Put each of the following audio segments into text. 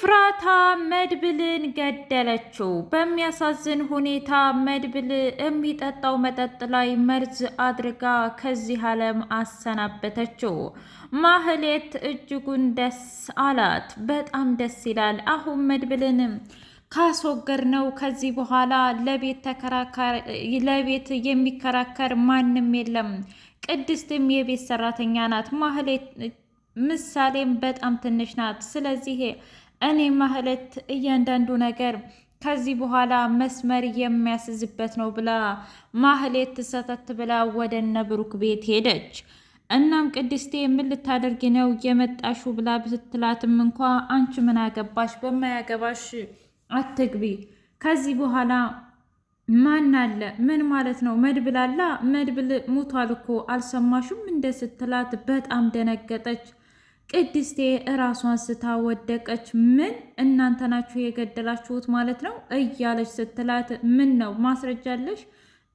ፍራታ መድብልን ገደለችው። በሚያሳዝን ሁኔታ መድብል የሚጠጣው መጠጥ ላይ መርዝ አድርጋ ከዚህ ዓለም አሰናበተችው። ማህሌት እጅጉን ደስ አላት። በጣም ደስ ይላል። አሁን መድብልን ካስወገድ ነው ከዚህ በኋላ ለቤት ለቤት የሚከራከር ማንም የለም። ቅድስትም የቤት ሰራተኛ ናት። ማህሌት ምሳሌም በጣም ትንሽ ናት። ስለዚህ እኔ ማህሌት እያንዳንዱ ነገር ከዚህ በኋላ መስመር የሚያስዝበት ነው ብላ ማህሌት ሰተት ብላ ወደ እነ ብሩክ ቤት ሄደች። እናም ቅድስቴ ምን ልታደርጊ ነው የመጣሹ ብላ ብትላትም እንኳ አንቺ ምን አገባሽ፣ በማያገባሽ አትግቢ። ከዚህ በኋላ ማን አለ? ምን ማለት ነው? መድብል አላ መድብል ሙቷል እኮ አልሰማሹም? እንደ ስትላት በጣም ደነገጠች። ቅድስቴ እራሷን ስታወደቀች ምን እናንተ ናችሁ የገደላችሁት ማለት ነው እያለች ስትላት፣ ምን ነው ማስረጃለሽ?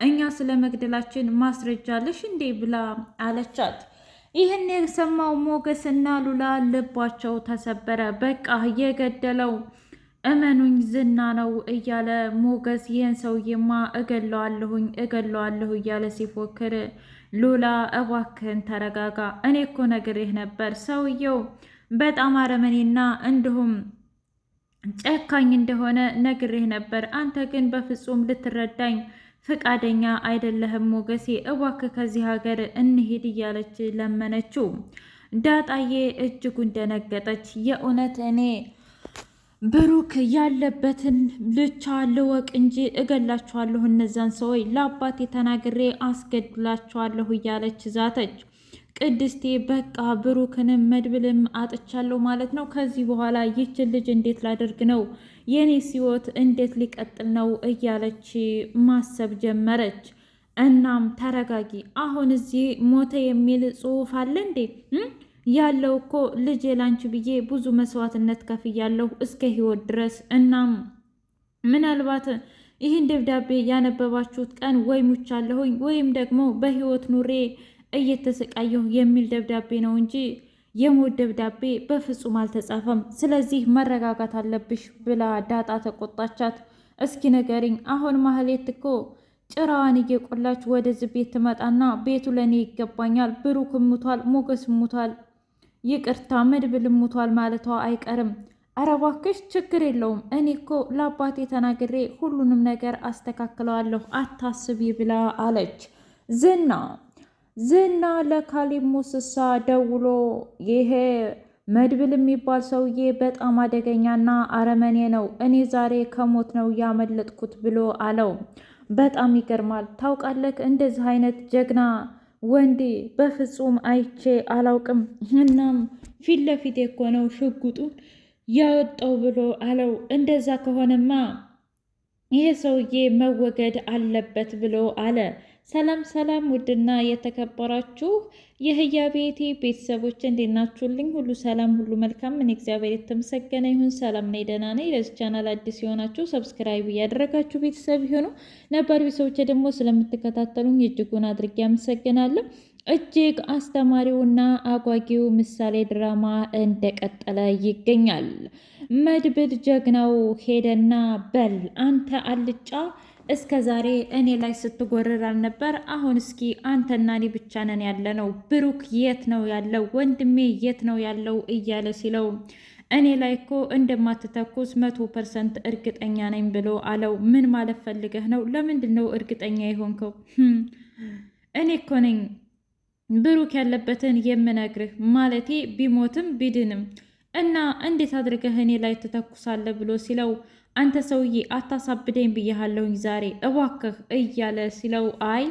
እኛ ስለ መግደላችን ማስረጃለሽ እንዴ ብላ አለቻት። ይህን የሰማው እና ሉላ ልባቸው ተሰበረ። በቃ የገደለው እመኑኝ ዝና ነው እያለ ሞገስ ይህን ሰውዬማ እገለዋለሁኝ እገለዋለሁ እያለ ሲፎክር ሉላ እባክህን ተረጋጋ። እኔ እኮ ነግሬህ ነበር ሰውየው በጣም አረመኔና እንዲሁም ጨካኝ እንደሆነ ነግሬህ ነበር። አንተ ግን በፍጹም ልትረዳኝ ፈቃደኛ አይደለህም ሞገሴ፣ እባክህ ከዚህ ሀገር እንሄድ እያለች ለመነችው። ዳጣዬ እጅጉን ደነገጠች። የእውነት እኔ ብሩክ ያለበትን ብቻ ልወቅ እንጂ እገላችኋለሁ፣ እነዛን ሰዎች ለአባቴ ተናግሬ አስገድላችኋለሁ እያለች ዛተች። ቅድስቴ በቃ ብሩክንም መድብልም አጥቻለሁ ማለት ነው። ከዚህ በኋላ ይችን ልጅ እንዴት ላደርግ ነው? የኔ ህይወት እንዴት ሊቀጥል ነው? እያለች ማሰብ ጀመረች። እናም ተረጋጊ፣ አሁን እዚህ ሞተ የሚል ጽሑፍ አለ እንዴ? ያለው እኮ ልጄ ላንቺ ብዬ ብዙ መስዋዕትነት ከፍያለሁ እስከ ህይወት ድረስ። እናም ምናልባት ይህን ደብዳቤ ያነበባችሁት ቀን ወይ ሙቻለሁኝ ወይም ደግሞ በህይወት ኑሬ እየተሰቃየሁ የሚል ደብዳቤ ነው እንጂ የሞት ደብዳቤ በፍጹም አልተጻፈም። ስለዚህ መረጋጋት አለብሽ ብላ ዳጣ ተቆጣቻት። እስኪ ንገሪኝ አሁን ማህሌት እኮ ጭራዋን እየቆላች ወደዚህ ቤት ትመጣና ቤቱ ለእኔ ይገባኛል፣ ብሩክ ሙቷል፣ ሞገስ ሙቷል ይቅርታ መድብል ሙቷል ማለቷ አይቀርም። ኧረ እባክሽ ችግር የለውም እኔ እኮ ለአባቴ ተናግሬ ሁሉንም ነገር አስተካክለዋለሁ አታስቢ ብላ አለች። ዝና ዝና ለካሌብ ሙስሳ ደውሎ ይሄ መድብል የሚባል ሰውዬ በጣም አደገኛና አረመኔ ነው፣ እኔ ዛሬ ከሞት ነው ያመለጥኩት ብሎ አለው። በጣም ይገርማል ታውቃለህ፣ እንደዚህ አይነት ጀግና ወንዴ በፍጹም አይቼ አላውቅም። እናም ፊት ለፊት የኮነው ሽጉጡን ያወጣው ብሎ አለው። እንደዛ ከሆነማ ይሄ ሰውዬ መወገድ አለበት ብሎ አለ። ሰላም ሰላም፣ ውድና የተከበራችሁ የህያ ቤቴ ቤተሰቦች እንዴት ናችሁልኝ? ሁሉ ሰላም፣ ሁሉ መልካም። ምን እግዚአብሔር የተመሰገነ ይሁን ሰላም ነኝ፣ ደህና ነኝ። ለዚህ ቻናል አዲስ የሆናችሁ ሰብስክራይብ እያደረጋችሁ ቤተሰብ ይሁኑ። ነባር ቤተሰቦች ደግሞ ስለምትከታተሉኝ እጅጉን አድርጌ አመሰግናለሁ። እጅግ አስተማሪውና አጓጊው ምሳሌ ድራማ እንደቀጠለ ይገኛል። መድብል ጀግናው ሄደና በል አንተ አልጫ እስከ ዛሬ እኔ ላይ ስትጎርር አልነበር? አሁን እስኪ አንተና እኔ ብቻ ነን ያለ ነው። ብሩክ የት ነው ያለው? ወንድሜ የት ነው ያለው? እያለ ሲለው እኔ ላይ እኮ እንደማትተኩስ መቶ ፐርሰንት እርግጠኛ ነኝ ብሎ አለው። ምን ማለት ፈልገህ ነው? ለምንድን ነው እርግጠኛ የሆንከው? Hm፣ እኔ እኮ ነኝ ብሩክ ያለበትን የምነግርህ፣ ማለቴ ቢሞትም ቢድንም እና እንዴት አድርገህ እኔ ላይ ትተኩሳለህ ብሎ ሲለው አንተ ሰውዬ አታሳብደኝ ብያሃለውኝ ዛሬ እባክህ እያለ ሲለው አይ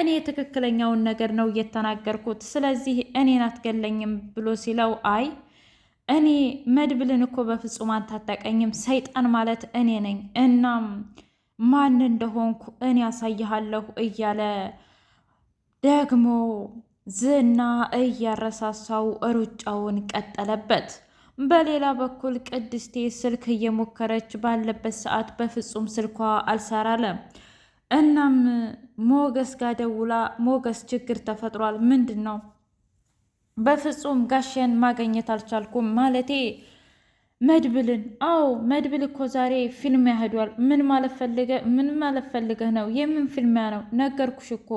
እኔ ትክክለኛውን ነገር ነው እየተናገርኩት፣ ስለዚህ እኔን አትገለኝም ብሎ ሲለው አይ እኔ መድብልን እኮ በፍጹም አንተ ሰይጣን ማለት እኔ ነኝ። እናም ማን እንደሆንኩ እኔ ያሳይሃለሁ እያለ ደግሞ ዝና እያረሳሳው ሩጫውን ቀጠለበት። በሌላ በኩል ቅድስቴ ስልክ እየሞከረች ባለበት ሰዓት በፍጹም ስልኳ አልሳራለ እናም ሞገስ ጋር ደውላ ሞገስ ችግር ተፈጥሯል፣ ምንድን ነው? በፍጹም ጋሼን ማገኘት አልቻልኩም። ማለቴ መድብልን። አዎ መድብል እኮ ዛሬ ፊልሚያ ሄዷል። ምን ማለት ምን ማለት ፈልገህ ነው? የምን ፊልሚያ ነው? ነገርኩሽ እኮ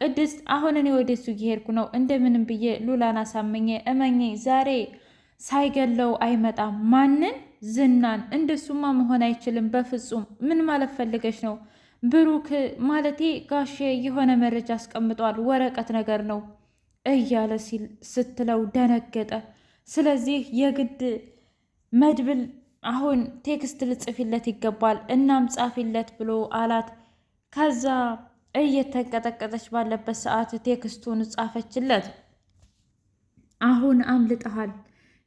ቅድስት። አሁን እኔ ወደሱ እየሄድኩ ነው። እንደምንም ብዬ ሉላን አሳምኜ እመኜ ዛሬ ሳይገለው አይመጣም። ማንን? ዝናን። እንደሱማ መሆን አይችልም በፍጹም። ምን ማለት ፈልገሽ ነው? ብሩክ ማለቴ ጋሼ የሆነ መረጃ አስቀምጧል፣ ወረቀት ነገር ነው እያለ ሲል ስትለው ደነገጠ። ስለዚህ የግድ መድብል አሁን ቴክስት ልጽፊለት ይገባል፣ እናም ጻፊለት ብሎ አላት። ከዛ እየተንቀጠቀጠች ባለበት ሰዓት ቴክስቱን ጻፈችለት። አሁን አምልጠሃል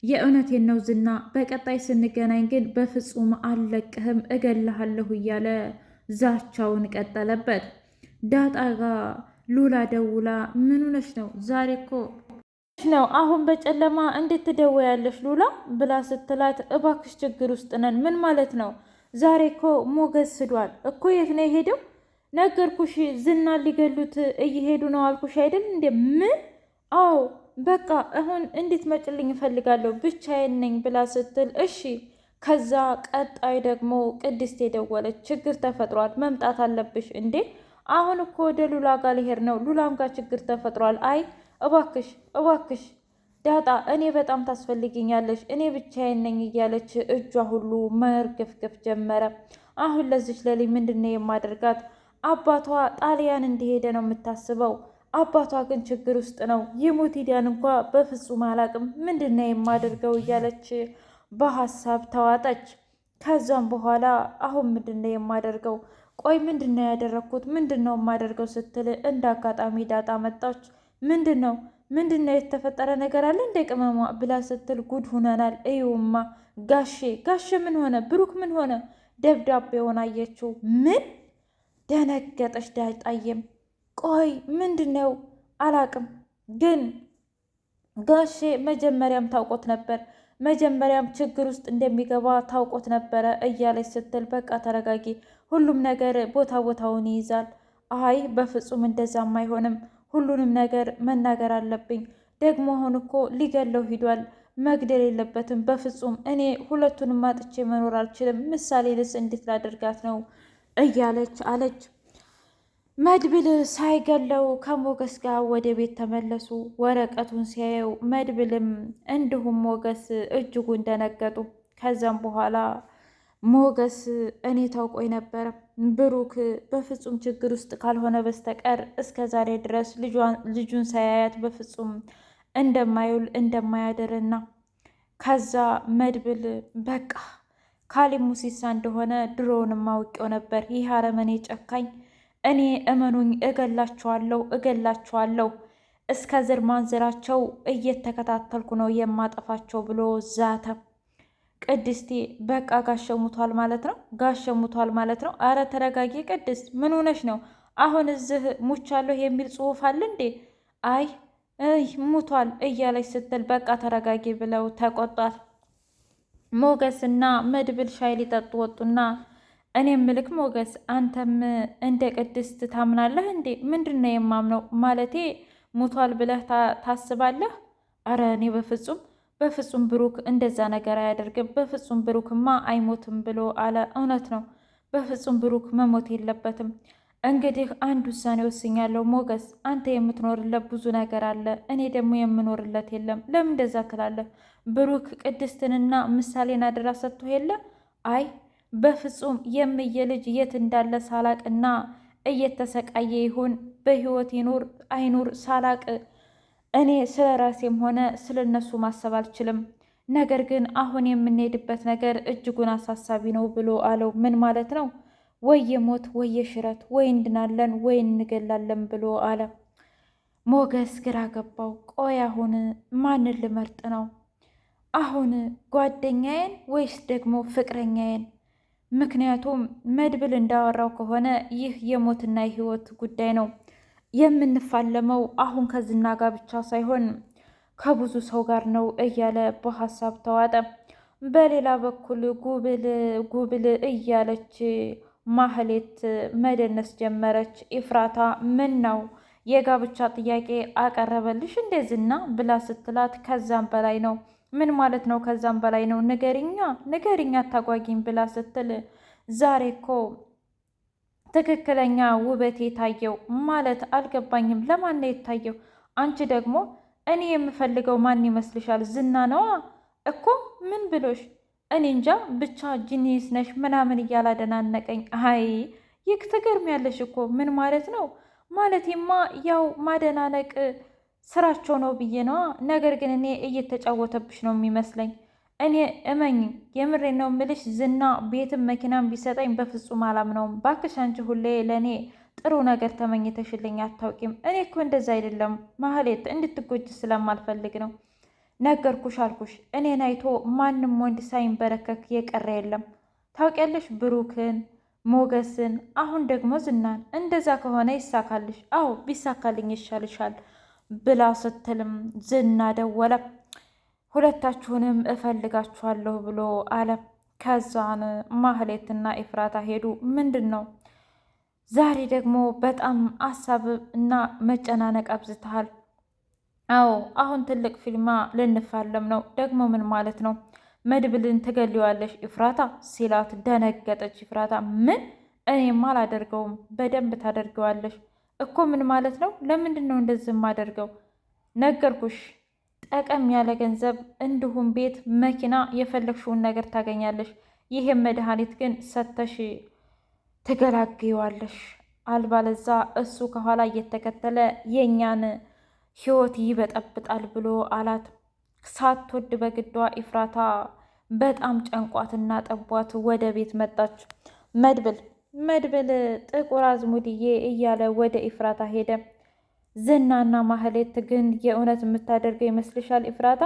የእውነቴን ነው ዝና፣ በቀጣይ ስንገናኝ ግን በፍጹም አልለቅህም እገልሃለሁ እያለ ዛቻውን ቀጠለበት። ዳጣ ጋ ሉላ ደውላ ምን ሆነሽ ነው ዛሬ እኮ ነው አሁን በጨለማ እንዴት ትደወያለሽ ሉላ ብላ ስትላት፣ እባክሽ ችግር ውስጥ ነን። ምን ማለት ነው? ዛሬ እኮ ሞገስ ስዷል እኮ። የት ነው የሄደው? ነገርኩሽ ዝና ሊገሉት እየሄዱ ነው አልኩሽ አይደል እንዴ? ምን? አዎ በቃ አሁን እንዴት መጭልኝ እፈልጋለሁ ብቻዬን ነኝ ብላ ስትል እሺ። ከዛ ቀጣይ ደግሞ ቅድስት የደወለች ችግር ተፈጥሯል መምጣት አለብሽ እንዴ? አሁን እኮ ወደ ሉላ ጋር ልሄድ ነው። ሉላም ጋር ችግር ተፈጥሯል። አይ እባክሽ እባክሽ ዳጣ እኔ በጣም ታስፈልግኛለሽ፣ እኔ ብቻዬን ነኝ እያለች እጇ ሁሉ መርገፍገፍ ጀመረ። አሁን ለዚች ለሊ ምንድነው የማደርጋት? አባቷ ጣሊያን እንደሄደ ነው የምታስበው። አባቷ ግን ችግር ውስጥ ነው። ይሙት ሂዳን እንኳ በፍጹም አላቅም ምንድን ነው የማደርገው እያለች በሀሳብ ተዋጠች። ከዛም በኋላ አሁን ምንድን ነው የማደርገው? ቆይ ምንድን ነው ያደረግኩት? ምንድን ነው የማደርገው ስትል እንደ አጋጣሚ ዳጣ መጣች። ምንድን ነው ምንድን ነው የተፈጠረ ነገር አለ እንደ ቅመሟ ብላ ስትል ጉድ ሁነናል። እዩማ ጋሼ ጋሼ ምን ሆነ? ብሩክ ምን ሆነ? ደብዳቤውን አየችው። ምን ደነገጠች ዳጣዬም ቆይ ምንድን ነው አላቅም፣ ግን ጋሼ መጀመሪያም ታውቆት ነበር መጀመሪያም ችግር ውስጥ እንደሚገባ ታውቆት ነበረ እያለች ስትል፣ በቃ ተረጋጊ፣ ሁሉም ነገር ቦታ ቦታውን ይይዛል። አይ በፍጹም እንደዛም አይሆንም፣ ሁሉንም ነገር መናገር አለብኝ። ደግሞ አሁን እኮ ሊገለው ሂዷል። መግደል የለበትም በፍጹም። እኔ ሁለቱንም አጥቼ መኖር አልችልም። ምሳሌ ልስ እንዴት ላደርጋት ነው እያለች አለች መድብል ሳይገለው ከሞገስ ጋር ወደ ቤት ተመለሱ። ወረቀቱን ሲያየው መድብልም እንዲሁም ሞገስ እጅጉን ደነገጡ። ከዛም በኋላ ሞገስ እኔ ታውቆኝ ነበረ፣ ብሩክ በፍጹም ችግር ውስጥ ካልሆነ በስተቀር እስከ ዛሬ ድረስ ልጁን ሳያያት በፍጹም እንደማይውል እንደማያድርና ከዛ መድብል በቃ ካሊሙሲሳ እንደሆነ ድሮውንም አውቄው ነበር ይህ አረመኔ ጨካኝ እኔ እመኑኝ እገላችኋለሁ እገላችኋለሁ እስከ ዝር ማንዝራቸው እየተከታተልኩ ነው የማጠፋቸው ብሎ ዛተ። ቅድስቴ በቃ ጋሸሙቷል ማለት ነው፣ ጋሸሙቷል ማለት ነው። አረ ተረጋጊ ቅድስት፣ ምን ሆነሽ ነው? አሁን እዚህ ሙቻለሁ የሚል ጽሑፍ አለ እንዴ? አይ ሙቷል እያለች ስትል በቃ ተረጋጊ ብለው ተቆጧል። ሞገስና መድብል ሻይ ሊጠጡ ወጡና እኔ ምልክ ሞገስ፣ አንተም እንደ ቅድስት ታምናለህ እንዴ? ምንድን ነው የማምነው? ማለቴ ሙቷል ብለህ ታስባለህ? አረ እኔ በፍጹም በፍጹም ብሩክ እንደዛ ነገር አያደርግም። በፍጹም ብሩክማ አይሞትም ብሎ አለ። እውነት ነው፣ በፍጹም ብሩክ መሞት የለበትም። እንግዲህ አንድ ውሳኔ ወስኛለሁ ሞገስ፣ አንተ የምትኖርለት ብዙ ነገር አለ፣ እኔ ደግሞ የምኖርለት የለም። ለምን እንደዛ ትላለህ? ብሩክ ቅድስትንና ምሳሌን አደራ ሰጥቶ የለ? አይ በፍጹም የምዬ ልጅ የት እንዳለ ሳላቅ እና እየተሰቃየ ይሁን በህይወት ይኑር አይኑር ሳላቅ እኔ ስለ ራሴም ሆነ ስለ እነሱ ማሰብ አልችልም። ነገር ግን አሁን የምንሄድበት ነገር እጅጉን አሳሳቢ ነው ብሎ አለው። ምን ማለት ነው? ወይ የሞት ወይ የሽረት ወይ እንድናለን ወይ እንገላለን ብሎ አለ። ሞገስ ግራ ገባው። ቆይ አሁን ማንን ልመርጥ ነው? አሁን ጓደኛዬን ወይስ ደግሞ ፍቅረኛዬን ምክንያቱም መድብል እንዳወራው ከሆነ ይህ የሞትና የህይወት ጉዳይ ነው። የምንፋለመው አሁን ከዝና ጋር ብቻ ሳይሆን ከብዙ ሰው ጋር ነው እያለ በሀሳብ ተዋጠ። በሌላ በኩል ጉብል ጉብል እያለች ማህሌት መደነስ ጀመረች። ኢፍራታ ምን ነው የጋብቻ ጥያቄ አቀረበልሽ እንደ ዝና ብላ ስትላት ከዛም በላይ ነው ምን ማለት ነው? ከዛም በላይ ነው። ንገሪኛ ንገሪኛ አታጓጊኝ ብላ ስትል ዛሬ እኮ ትክክለኛ ውበት የታየው ማለት አልገባኝም። ለማን ነው የታየው? አንቺ ደግሞ እኔ የምፈልገው ማን ይመስልሻል? ዝና ነዋ እኮ ምን ብሎሽ? እኔ እንጃ ብቻ ጂኒስ ነሽ ምናምን እያላደናነቀኝ። አይ ይህ ትገርሚያለሽ እኮ ምን ማለት ነው? ማለቴማ ያው ማደናነቅ ስራቸው ነው ብዬ ነዋ። ነገር ግን እኔ እየተጫወተብሽ ነው የሚመስለኝ። እኔ እመኝ፣ የምሬ ነው ምልሽ። ዝና ቤትም መኪናም ቢሰጠኝ በፍጹም አላምነውም። ባክሽ አንቺ ሁሌ ለእኔ ጥሩ ነገር ተመኝተሽልኝ አታውቂም። እኔ እኮ እንደዛ አይደለም ማህሌት፣ እንድትጎጅ ስለማልፈልግ ነው። ነገርኩሽ አልኩሽ፣ እኔን አይቶ ማንም ወንድ ሳይንበረከክ የቀረ የለም። ታውቂያለሽ ብሩክን ሞገስን አሁን ደግሞ ዝናን። እንደዛ ከሆነ ይሳካልሽ። አዎ ቢሳካልኝ ይሻልሻል። ብላ ስትልም ዝና ደወለ። ሁለታችሁንም እፈልጋችኋለሁ ብሎ አለ። ከዛን ማህሌትና ኤፍራታ ሄዱ። ምንድን ነው ዛሬ ደግሞ በጣም አሳብ እና መጨናነቅ አብዝተሃል። አዎ አሁን ትልቅ ፊልማ ልንፋለም ነው። ደግሞ ምን ማለት ነው? መድብልን ትገልዋለሽ ኤፍራታ ሲላት ደነገጠች። ኤፍራታ ምን? እኔም አላደርገውም። በደንብ ታደርገዋለሽ እኮ ምን ማለት ነው? ለምንድን ነው እንደዚህ የማደርገው? ነገርኩሽ፣ ጠቀም ያለ ገንዘብ እንዲሁም ቤት፣ መኪና፣ የፈለግሽውን ነገር ታገኛለሽ። ይህም መድኃኒት ግን ሰተሽ ትገላግዋለሽ። አልባለዛ እሱ ከኋላ እየተከተለ የእኛን ህይወት ይበጠብጣል ብሎ አላት። ሳትወድ በግዷ ኢፍራታ በጣም ጨንቋትና ጠቧት ወደ ቤት መጣች። መድብል መድብል ጥቁር አዝሙድዬ እያለ ወደ ኢፍራታ ሄደ። ዝናና ማህሌት ግን የእውነት የምታደርገው ይመስልሻል ኢፍራታ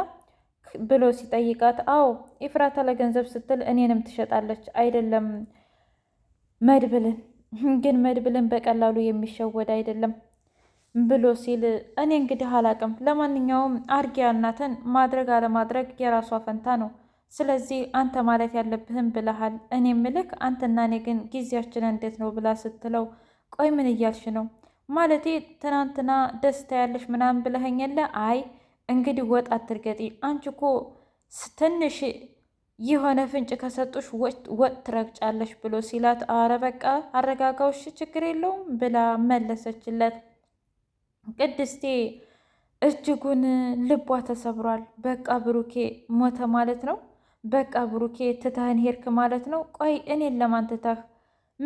ብሎ ሲጠይቃት፣ አዎ ኢፍራታ ለገንዘብ ስትል እኔንም ትሸጣለች አይደለም መድብልን ግን መድብልን በቀላሉ የሚሸወድ አይደለም ብሎ ሲል፣ እኔ እንግዲህ አላቅም። ለማንኛውም አርጊ ያልናትን ማድረግ አለማድረግ የራሷ ፈንታ ነው። ስለዚህ አንተ ማለት ያለብህን ብለሃል። እኔ ምልክ አንተና እኔ ግን ጊዜያችን እንዴት ነው ብላ ስትለው፣ ቆይ ምን እያልሽ ነው? ማለቴ ትናንትና ደስታ ያለሽ ምናምን ብለኸኝ የለ? አይ እንግዲህ ወጥ አትርገጢ። አንቺ እኮ ትንሽ የሆነ ፍንጭ ከሰጡሽ ወጥ ትረግጫለሽ ብሎ ሲላት፣ አረ በቃ አረጋጋውሽ፣ ችግር የለውም ብላ መለሰችለት። ቅድስቴ እጅጉን ልቧ ተሰብሯል። በቃ ብሩኬ ሞተ ማለት ነው። በቃ ብሩኬ ትተህን ሄድክ ማለት ነው። ቆይ እኔን ለማን ትተህ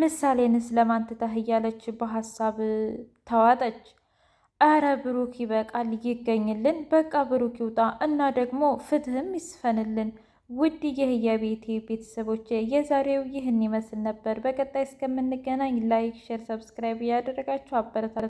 ምሳሌንስ ለማን ትተህ እያለች በሀሳብ ተዋጠች። አረ ብሩክ ይበቃል፣ ይገኝልን። በቃ ብሩክ ይውጣ እና ደግሞ ፍትህም ይስፈንልን። ውድ የህያ ቤቴ ቤተሰቦች የዛሬው ይህን ይመስል ነበር። በቀጣይ እስከምንገናኝ ላይክ፣ ሼር፣ ሰብስክራይብ እያደረጋችሁ አበረታ